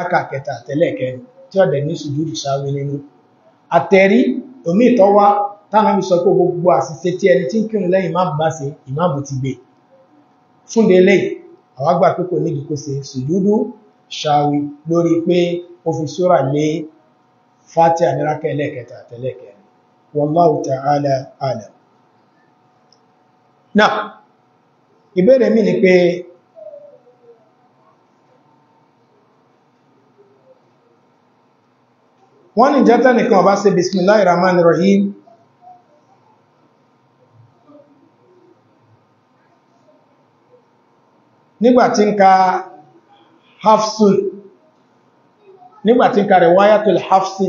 rákà kẹta àtẹ́lẹ̀kẹ́ tí ọ̀dẹ̀ ní sùjúdù sáwé nínú àtẹ̀rí omi ìtọ́wá tánàbí sọ pé gbogbo àṣìṣe tí ẹni tí ń kírun lẹ́yìn má bá ṣe ìmáàmù ti gbé fúnde lè àwa gbà pé kò nídìí kó ṣe lórí pé ó fi sóra lé fatiha ní ta'ala alam náà ìbéèrè mi ni wọ́n ní jẹ́tẹ́ nìkan ọba ṣe bismillah irahman rahim nígbàtí ń ka hafsu nígbàtí ń ka riwayatul hafsi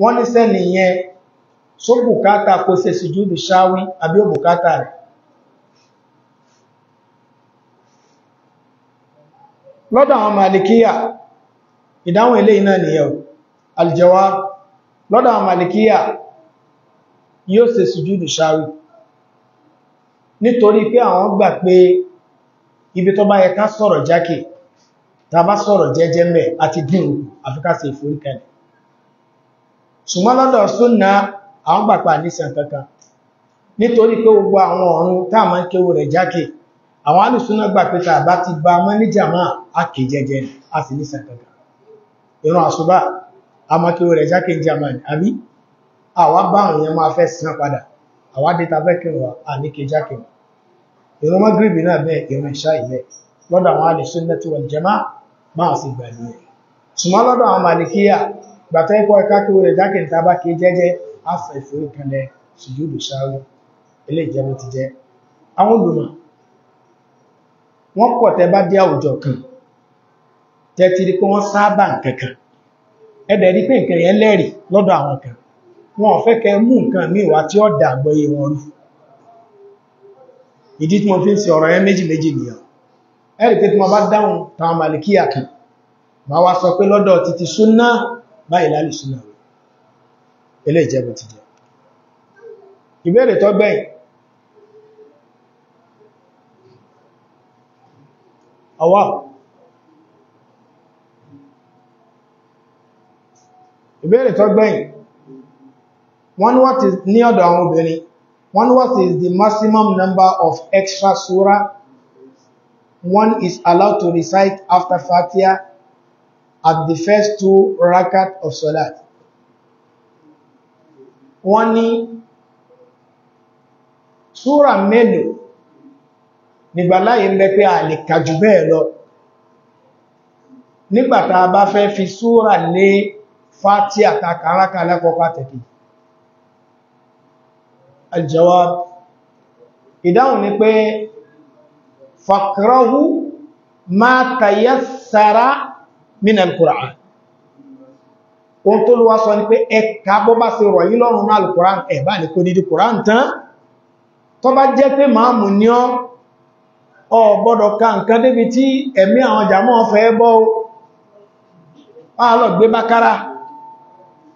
wọ́n ní sẹ́ni yẹn só bùkátà kó ṣe sùjúdù ṣáwí àbí ó bùkátà rẹ̀ lọ́dọ̀ àwọn màlìkíyà ìdáhùn eléyìí náà nìyẹn aljawab lọ́dọ̀ àwọn malikiya yóò ṣe sùjúdù ṣáwì nítorí pé àwọn gbà pé ibi tó bá yẹ ká sọ̀rọ̀ jákè tàbá sọ̀rọ̀ jẹ́jẹ́ mẹ́ àti dín àfikà ṣe ìforíkẹlẹ̀ ṣùgbọ́n lọ́dọ̀ súnà àwọn gbàpá nísàn kankan nítorí pé gbogbo àwọn ọ̀run táàmà ń kéwò rẹ̀ jákè àwọn alùsúnà gbà pé tàbá ti bá mọ́ àkè jẹ́jẹ́ a sì kankan ìran àṣùbà a máa kí o rẹ̀ a àbí àwa bá àwọn èèyàn máa fẹ́ san padà àwa dẹ́ta fẹ́ kí wà á jákè wọn ìran mọ́gírìbì náà bẹ́ẹ̀ ìran ìṣá ìlẹ̀ lọ́dọ̀ àwọn a sunnah wal jamaa máa sì gbà ṣùgbọ́n lọ́dọ̀ àwọn màlìkíyà gbàtẹ́ ikọ̀ ẹ̀ka kí rẹ̀ jákè bá kí jẹ́jẹ́ kan ti ẹ̀dẹ̀ rí pé nǹkan yẹn lẹ́rìí lọ́dọ̀ àwọn kan wọn ò fẹ́ kẹ mú nǹkan míì wá tí ó dà àgbọ́yé wọn rú ìdí tí mo fi ń ṣe ọ̀rọ̀ yẹn méjì méjì nìyẹn ẹ̀rì pé tí mo bá dáhùn táwọn màlìkíyà kan máa wá sọ pé lọ́dọ̀ títí súnná báyìí lálì súnná rẹ̀ eléyìí jẹ́ bó ti jẹ́ ìbéèrè tó gbẹ̀yìn ọwọ́ ìbéèrè tó gbẹ̀yìn one what is ní ọ̀dọ̀ àwọn obìnrin one what is the maximum number of extra surah one is allowed to recite after Fatiha at the first two rakat of salat wọ́n ní súra mélòó nígbàláyé ń bẹ pé a lè kàjù bẹ́ẹ̀ lọ nígbàtà bá fẹ́ fi súra lé fati àtàkà arákà alákọ̀ọ́kọ́ àtẹ̀kì aljawab ìdáhùn ni pé faqrahu ma tayassara min al-Qur'an ohun tó lówá sọ ni pé ẹka bó bá ṣe rọ̀ yí lọ́rùn náà al-Qur'an ẹ̀bá ní kò dídí Qur'an tán tó bá jẹ́ pé máa mú ní ọ ọ̀gbọ́dọ̀ ka nǹkan débi tí ẹ̀mí àwọn jàmọ́ fẹ́ bọ́ a lọ gbé bákárá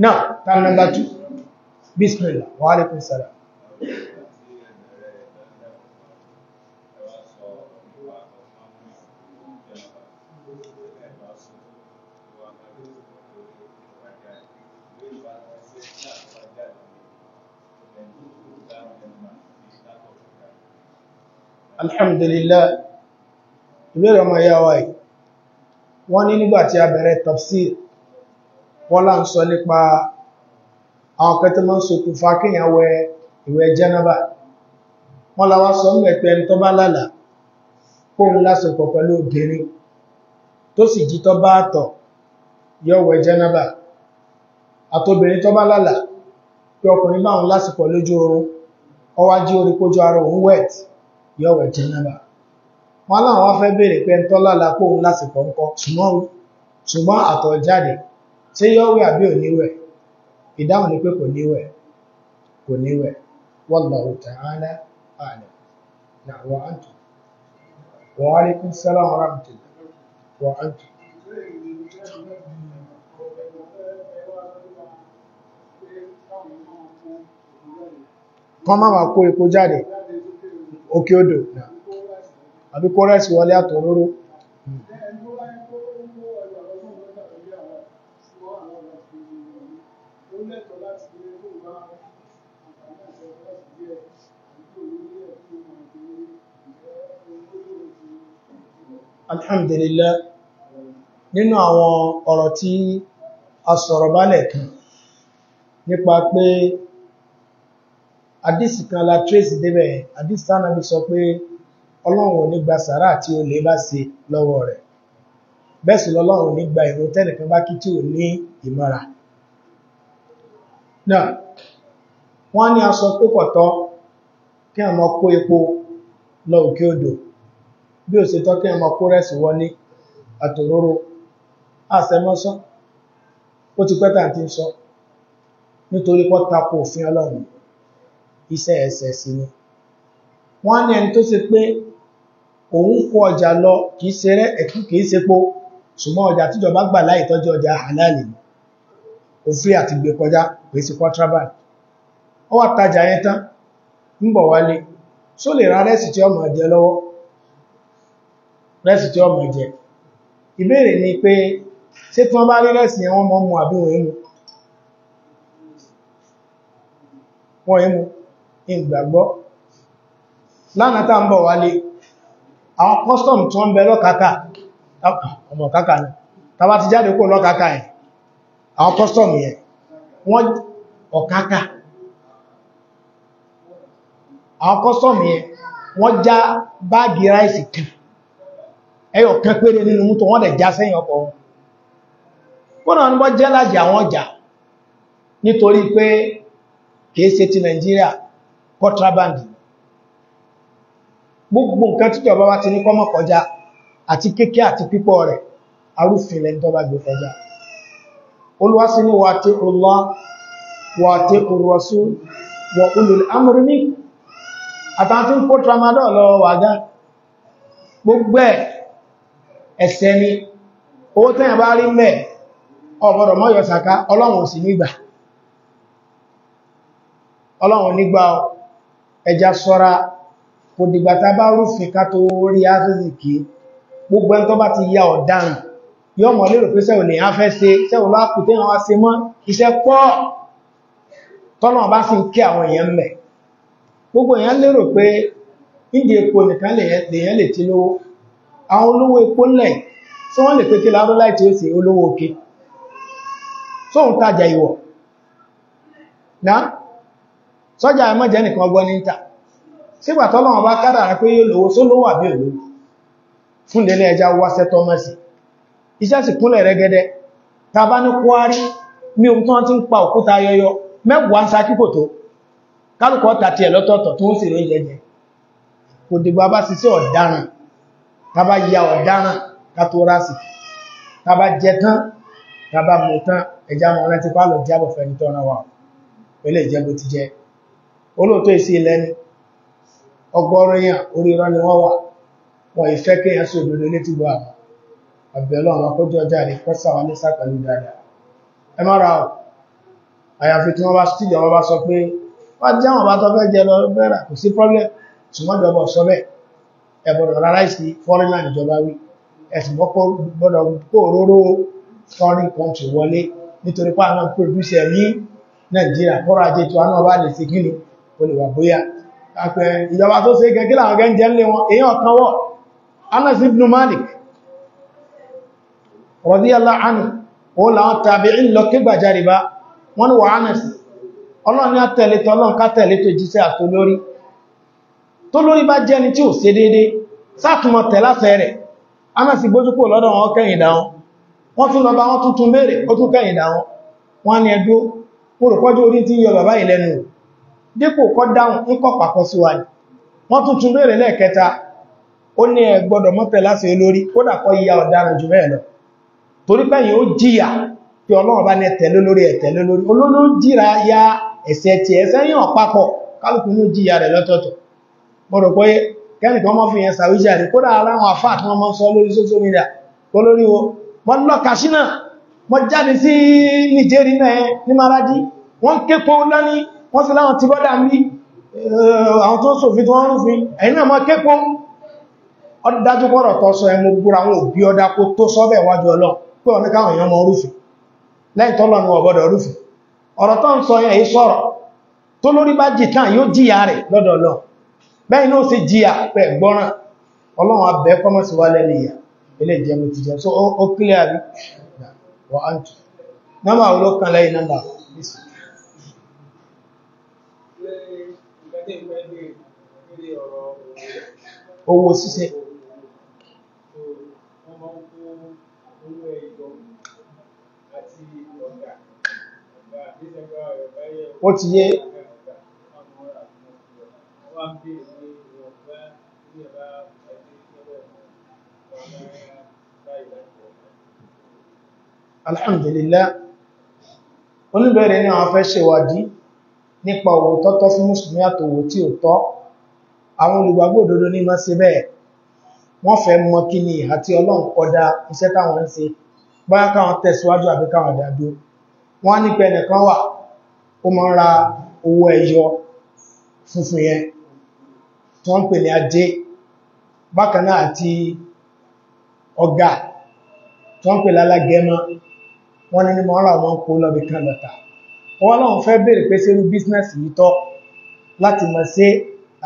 Now, time number two. Bismillah. Wa alaikum salam. Alhamdulillah. Ìbéèrè ọmọ ìyá wa yìí, wọ́n ní nígbà tí a bẹ̀rẹ̀ tafsir wọ́n lá ń sọ nípa àwọn kẹta mọ́ ń ṣokùnfà kíyàn wẹ ìwẹ̀ jẹ́nàbà wọ́n la wá sọ ń mẹ́pẹ́ ẹni tó bá lálàá kóhun lásìkò pẹ̀lú obìnrin tó sì jí tó bá tọ̀ yọ wẹ̀ jẹ́nàbà àtobìnrin tó bá lálàá pé ọkùnrin báwọn lásìkò lójú oorun ọwá jí orí kójú ara òun wet yọ wẹ̀ jẹ́nàbà wọ́n láwọn wá fẹ́ béèrè pé ẹni tó lálàá kóhun lásìkò ńkọ́ ṣùgbọ́n àtọ̀ jáde ṣé yóò wẹ̀ àbí ò níwẹ̀ ìdáhùn ni pé kò níwẹ̀ kò níwẹ̀ wallahu ta'ala a'lam náà wọ́n á tù wọ́n á rí kí sẹ́lá wọn rábìtì wọ́n á kọ́ máa wà kó epo jáde òkè odò àbí kó rẹ̀ sí wọlé àtòróró alhamdulillah nínú àwọn ọ̀rọ̀ tí a sọ̀rọ̀ bálẹ̀ kan nípa pé àdísì kan la trace débẹ̀ àdísì tánàbí sọ pé ọlọ́run ní gba sàárà tí ó lè bá ṣe lọ́wọ́ rẹ̀ bẹ́ẹ̀sì lọ́lọ́run ní gba ìrun tẹ́nìkan bá kí tí ò ní ìmọ́ra náà wọ́n ní aṣọ pópọ̀tọ́ kí àmọ́ kó epo lọ òkè odò bí ò kí ọmọ kó rẹ̀sì ní àtòróró àṣẹmọ́sán ó ti pẹ́ta tí ń sọ nítorí pọ́ òfin ọlọ́run iṣẹ́ ẹ̀ṣẹ̀ sí ni wọ́n ní ẹni tó pé òun kó ọjà lọ kìí ṣe rẹ̀ ẹ̀kú kìí ṣe po ṣùgbọ́n ọjà tíjọba gbà láì tọ́jú ọjà òfin àti gbé kọjá sí ó wà tajà yẹn tán ń bọ̀ wálé rẹ́sì tí ọmọ jẹ ìbéèrè ni pé ṣé tí wọ́n bá rí rẹ́sì yẹn wọ́n mọ́ mu àbí wọ́n mu wọ́n mu ìgbàgbọ́ lánàá tá ń bọ̀ wálé àwọn custom tí wọ́n bẹ lọ́kàkà ni tàbá ti jáde kó lọ́kàkà ẹ̀ àwọn custom yẹn wọ́n ọ̀kàkà àwọn custom yẹn wọ́n já báàgì ráìsì kan ẹyọ kan péré nínú mú tó wọ́n dẹ̀ já sẹ́yìn ọkọ̀ kódà ní wọ́n jẹ́ lájì àwọn ọjà nítorí pé kìí ṣe ti Nàìjíríà contraband gbogbo nǹkan títọ̀bá wá ti ní kọ́mọ̀ kọjá àti kéèké àti pípọ̀ rẹ̀ arúfin lẹ́ni tó bá gbé kọjá olúwásí ní wà tí ọlọ́ wà ọrọ̀sú wọ olùlẹ̀ amúrí ní àtàntí ń kó gbogbo ẹ̀ ẹ̀ṣẹ̀ ni owó tẹ́yà bá rí mẹ́ ọ̀bọ̀dọ̀ mọ́ yọ sàká ọlọ́run sì nígbà ọlọ́run nígbà ẹja sọ́ra kò dìgbà tá bá rúfin ká tó rí áfẹ́sìkì gbogbo ẹn bá ti ya ọ̀daràn yọ́ mọ̀ lérò pé sẹ́wọ̀n lèyàn fẹ́ ṣe sẹ́wọ̀n bá kù tẹ́yàn wá ṣe mọ́ iṣẹ́ pọ̀ tọ́nà bá àwọn olówó epo lẹ̀ tí wọ́n lè pé kí lárúláìtì ó sì olówó òkè sóhun tajà ìwọ̀ náà sọ́jà ẹmọ́ jẹ́ nìkan ọgbọ́n ní ìta sígbà tọ́lọ́wọ́n bá kádàrá pé yóò lówó só lówó àbí òlówó fún délé ẹja wáṣẹ́ pa òkúta yọyọ mẹ́wàá ń sa kíkò tó kálùkọ́ tàti ẹ̀ lọ́tọ̀ọ̀tọ̀ tó ń sì kò dìgbà bá ṣiṣẹ́ ọ̀daràn tàbá ya ọ̀dáná kátó rásì tàbá jẹ tán tàbá mọ̀ tán ẹjá mọ̀ rántí pálọ̀ jábọ̀ fẹ́ni tọ́nà wà pẹ̀lẹ̀ ìjẹ́gbò ti jẹ olóòtọ́ ìsí ilẹ́ni ọgọ́rọ̀ èèyàn orí irọ́ ni wọ́n wà wọ́n ìfẹ́ kéèyàn sí òdòdó létí gbọ́ àmà àbẹ̀lọ́ àwọn akójọ ọjà rẹ̀ kọ́sà wà ní sàpẹ̀lú dáadáa ẹ má ra ọ̀ àyàfi tí wọ́n bá tíjọ wọn bá sọ pé wọ́n jẹ́ wọn bá tọ́ fẹ́ jẹ lọ bẹ́rà kò sí problem ṣùgbọ́n jọba sọ bẹ́ẹ̀ ẹ̀bọ̀dọ̀ rárá ìsì fọ́rínà ìjọba wí ẹ̀sìn gbọ́pọ̀ gbọ́dọ̀ kó òróró foreign country wọlé nítorí pé àwọn produce ẹ̀ ní Nàìjíríà kọ́rọ̀ ajé tí wọn bá lè ṣe gíní o lè wà bóyá àpẹ ìjọba tó ṣe gẹ́gẹ́ láwọn gẹ́ ń jẹ́ lé wọn èyàn kan wọ́ Anas ibn Malik radiyallahu anhu o láwọn tàbí ìlọ kígbàjáre tó lórí bá jẹ́ ni tí ò ṣe déédé sátúmọ̀ tẹ̀láṣẹ rẹ̀ a máa sì gbójúkò lọ́dọ̀ wọn kẹ́yìn dáwọn wọ́n tún lọ bá wọ́n tún tún mẹ́rẹ̀ ó tún kẹ́yìn dáwọn wọ́n ni ẹdó pòròpọ́jú orí tí ń yọ bàbá ìlẹ́nu dípò kọ́ dáhùn ń kọ́ pàkọ́ sí wa ni wọ́n tún tún mẹ́rẹ̀ lẹ́ẹ̀kẹta ó ní ẹ gbọ́dọ̀ mọ́tẹ̀ láti olórí kódà kọ́ ìyá ọ̀daràn jù bẹ́ẹ̀ lọ torí pẹ́yìn ó jìyà pé ọlọ́run bá ní ẹ̀tẹ̀lé lórí ẹ̀tẹ̀lé lórí olóló jìra ya ẹ̀sẹ̀ tiẹ̀ sẹ́yìn ọ̀pápọ̀ kálukú ní ó jìyà rẹ̀ lọ́tọ̀ọ̀tọ̀ mọ̀rọ̀ pé kẹ́nìkan mọ́ fi yẹn sàwíjà rí kódà aláwọn àfáà tí wọ́n mọ́ sọ lórí social media kó lórí wo wọ́n lọ kàṣínà wọ́n jáde sí nìjẹ́rí náà ní Maradi wọ́n képo lọ́ní wọ́n sí láwọn ti bọ́dà ní eh, àwọn tó ń sòfin tó ń rúfin ẹ̀yìn náà mọ́ képo ọdájú pọ́rọ̀ tọ́ sọ ẹmú gbúra àwọn òbí ọdá kó tó sọ́bẹ̀ wájú ọlọ́run bẹ́ẹ̀ ní ó sì jíyà pẹ̀ gbọ́ràn ọlọ́run abẹ́ kọ́mọ̀ sí wá lẹ́nu ìyà ilé ìjẹmù ti jẹ so ó kílẹ̀ àrí wà á jù nọ́mà olókan lẹ́yìn nọ́mà owó síse ó ti yé Thank you. alhamdulillah oníbẹ̀rẹ̀ ní àwọn fẹ́ ṣèwádìí nípa owó tọ́tọ́ fún mùsùlùmí àtòwò tí ó tọ́ àwọn olùgbàgbọ́ òdodo ní máa ṣe bẹ́ẹ̀ wọ́n fẹ́ mọ̀ kí ni ìhà tí Ọlọ́run kódà iṣẹ́ táwọn ń ṣe báyá káwọn tẹ̀síwájú àbí káwọn dàdó ọ̀gá tó ń pè lálágẹmọ wọ́n ní mọ́ ọ̀rọ̀ wọn kó lọ́bì kan lọ́ta wọ́n náà fẹ́ bèèrè pé sẹ́rú bísínẹ́sì yìí tọ́ láti mọ̀ sí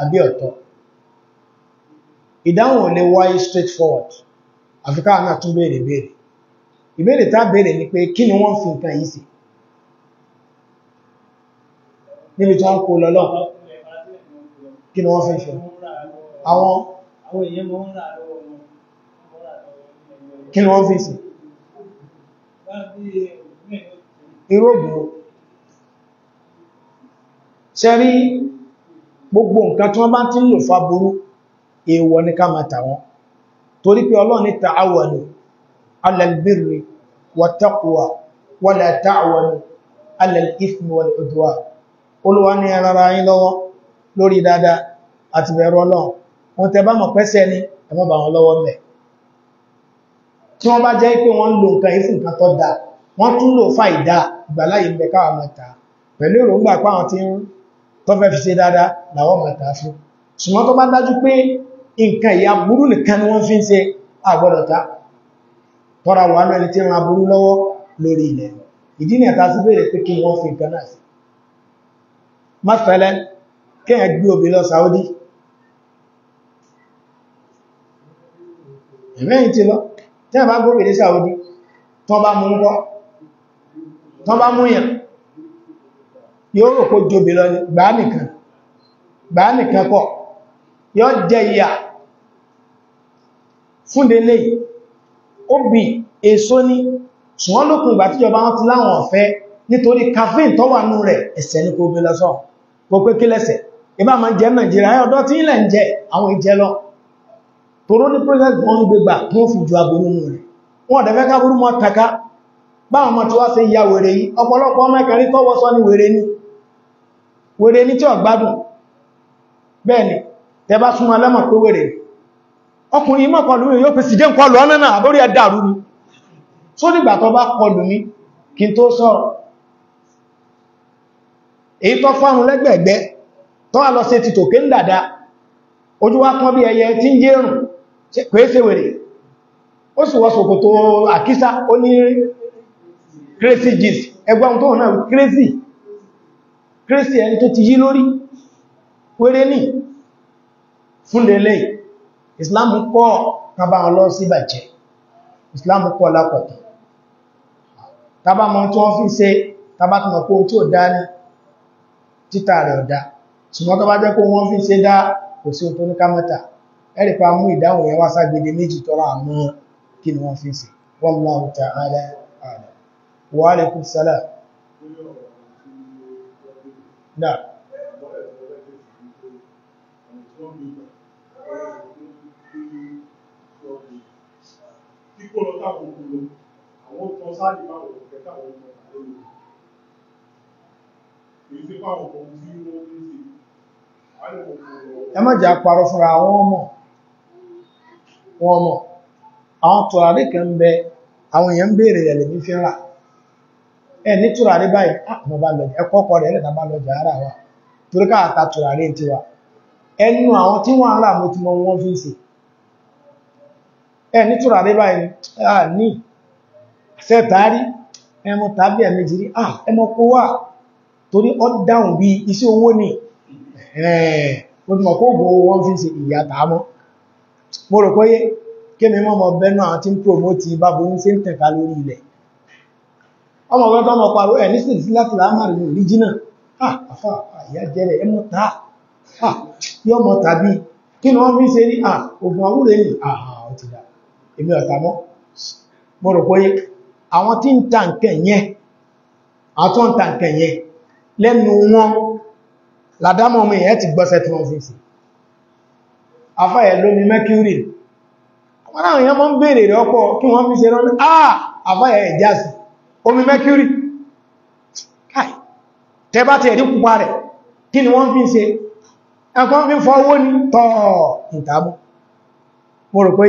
àbí ọ̀tọ̀ ìdáhùn ò lè wáyé straight forward àfikà náà tún bèèrè bèèrè ìbéèrè tá bèèrè ni pé kí ni wọ́n fi nǹkan yìí sí níbi tí wọ́n kó lọ kí ni wọ́n fẹ́ ṣe àwọn èèyàn mọ́ ń rà lọ́wọ́ kí ni wọ́n fi sí ìrògbò ṣe rí gbogbo nǹkan tí wọ́n bá ti ń lò fáburú èèwọ̀ ní ká máa tàwọn torí pé Ọlọ́run ní ta'awanu ala al-birri wat-taqwa wala ta'awanu ala al-ithmi wal-'udwan olúwa ní ẹ̀rara yín ẹ tí wọ́n bá jẹ́ pé wọ́n ń lo nǹkan ìfún nǹkan tó dáa wọ́n tún lò fà ìdá ìgbàláyé ń bẹ káwà mọ̀ta pẹ̀lú èròǹgbà páwọn tí ń tọ́fẹ́ fi ṣe dáadáa làwọn mọ̀ta fún ṣùgbọ́n tó bá dájú pé nǹkan ìyá burú nìkan ni wọ́n fi ń ṣe àgbọ̀dọ̀ta tọ́ra wà lẹ́ni tí ń ra burú lọ́wọ́ lórí ilẹ̀ ìdí ni ẹ̀ta sí bèèrè pé kí wọ́n fi nǹkan náà sí mọ́fẹ́lẹ́ kẹ́yàn gbé obì lọ Saudi ẹ̀mẹ́yìn ti lọ tí a bá gbóbi ní Saudi tán bá mú ńkọ́ tán bá múyàn yóò rò kó jòbì lọ gbà nìkan gbà nìkan kọ́ yóò jẹ ìyà fúndélé obì èso ní ṣùgbọ́n lókùn ìgbà tíjọba wọn ti láwọn ọ̀fẹ́ nítorí caffeine tó wà nú rẹ̀ ẹ̀ṣẹ̀ ní kó gbé lọ́sọ̀ kó pé kí lẹ́sẹ̀ jẹ́ Nàìjíríà ọ̀dọ́ tí ilẹ̀ ń jẹ àwọn ìjẹ lọ tòró ní president wọn ń gbégbà tó fi ju aburú mú rẹ̀ wọ́n dẹ̀fẹ́ káburú mọ́ taka báwọn ọmọ ya wèrè yìí ọ̀pọ̀lọpọ̀ ọmọ ẹ̀kẹ̀rí tọ́wọ́ sọ ní wèrè ní wèrè ní tí ọ̀gbádùn bẹ́ẹ̀ni tẹ bá súnmọ́ lẹ́mọ̀ pé wèrè ọkùnrin mọ́ kọlù mi fi bá n lọ ti pèése wèrè ó sì wọ́ ṣòkòtò àkísá ó ní crazy gist ẹgbọ́n tó náà crazy crazy ẹni tó ti yí lórí wèrè ní fúnlẹ̀lẹ̀ Islam pọ̀ kaba ọlọ́ sí bàjẹ́ Islam pọ̀ lápọ̀tọ̀ tàbá mọ́ tí wọ́n fi ṣe tàbá tí mọ̀ kó tí ò dá ní títà rẹ̀ ọ̀dá ṣùgbọ́n tàbá jẹ́ kó wọ́n fi ṣe dá kò sí òtò ní kámẹ́ta ẹ̀rì pa mú ìdáhùn yẹn wá sáàgbèdè méjì tọ́rọ àmọ́ kí ni wọ́n fi sí wallahu ta'ala a'lam wa alaikum salam náà kíkó lọ tábùkù lọ parọ́ fúnra àwọn ọmọ wọ́n mọ̀ àwọn tùràrí kan bẹ àwọn èèyàn ń béèrè rẹ̀ lè ní fi rà ẹ ní tùràrí báyìí àwọn bá lọ ẹkọ́ kọ rẹ̀ lẹ́ta bá lọ jà ara wa torí ká àta tùràrí ti wa ẹnu àwọn tí wọ́n ara mo ti mọ wọ́n fi ń ṣe ẹ ní tùràrí báyìí à ní ṣe tàárí ẹmọ tàbí ẹ̀mejì rí à ah, ẹmọ kó wà torí ọ́ dáhùn bí iṣẹ́ owó ni ẹ̀ẹ́ mo ti mọ̀ kó gbowó wọ́n fi ń ṣe ìyá tàámọ́ mo rò pé kémi mọ́mọ bẹ́nu àwọn tí ń promote bábo ń ṣe ń tẹ̀ka lórí ilẹ̀ ọmọ ọgbọ́n tó ọmọ parọ́ ẹ̀ nísìnyí sí láti láàmàrin ní ríjìnà àfà àyà jẹrẹ ẹ mọ ta yọ mọ tàbí kí ni wọ́n fi ṣe ní ògùn àwúrẹ́ ni ó ti dà èmi ọ̀tà mọ́ mo rò pé àwọn tí ń ta nǹkan yẹn àwọn tó ń ta nǹkan yẹn lẹ́nu wọn làdámọ́ ọmọ yẹn ti gbọ́sẹ̀ tí wọ́n fi ṣe afáyẹ̀ ló ní mercury wọ́n àwọn èèyàn mọ́ ń bèèrè rẹ̀ ọ̀pọ̀ kí wọ́n fi ṣe rán àà ah, àfáyẹ̀ ìjásí omi mercury káì tẹbá ti ẹ̀dí pupa rẹ̀ kí ni wọ́n fi ṣe ẹ̀kọ́ fi fọwọ́ ní tọ́ ìtàbù mo rò pé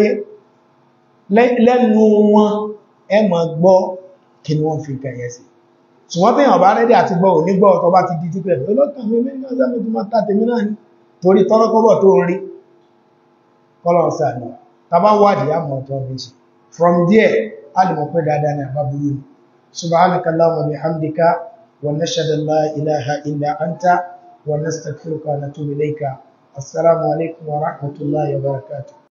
lẹ́nu wọn ẹ máa gbọ́ kí ni wọ́n fi kẹ̀yẹ sí ṣùgbọ́n tí èèyàn bá torí tọ́rọ́kọ́bọ̀ tó ń rí kọ́lọ̀ sàánú tàbá wádìí àmọ̀ ọ̀tọ̀ méjì from there alìmọ̀ pé dáadáa ní àbá burú subhanaka allahumma wa bihamdika wa nashhadu an la ilaha illa anta wa nastaghfiruka wa natubu ilayka assalamu alaikum wa rahmatullahi wa barakatuh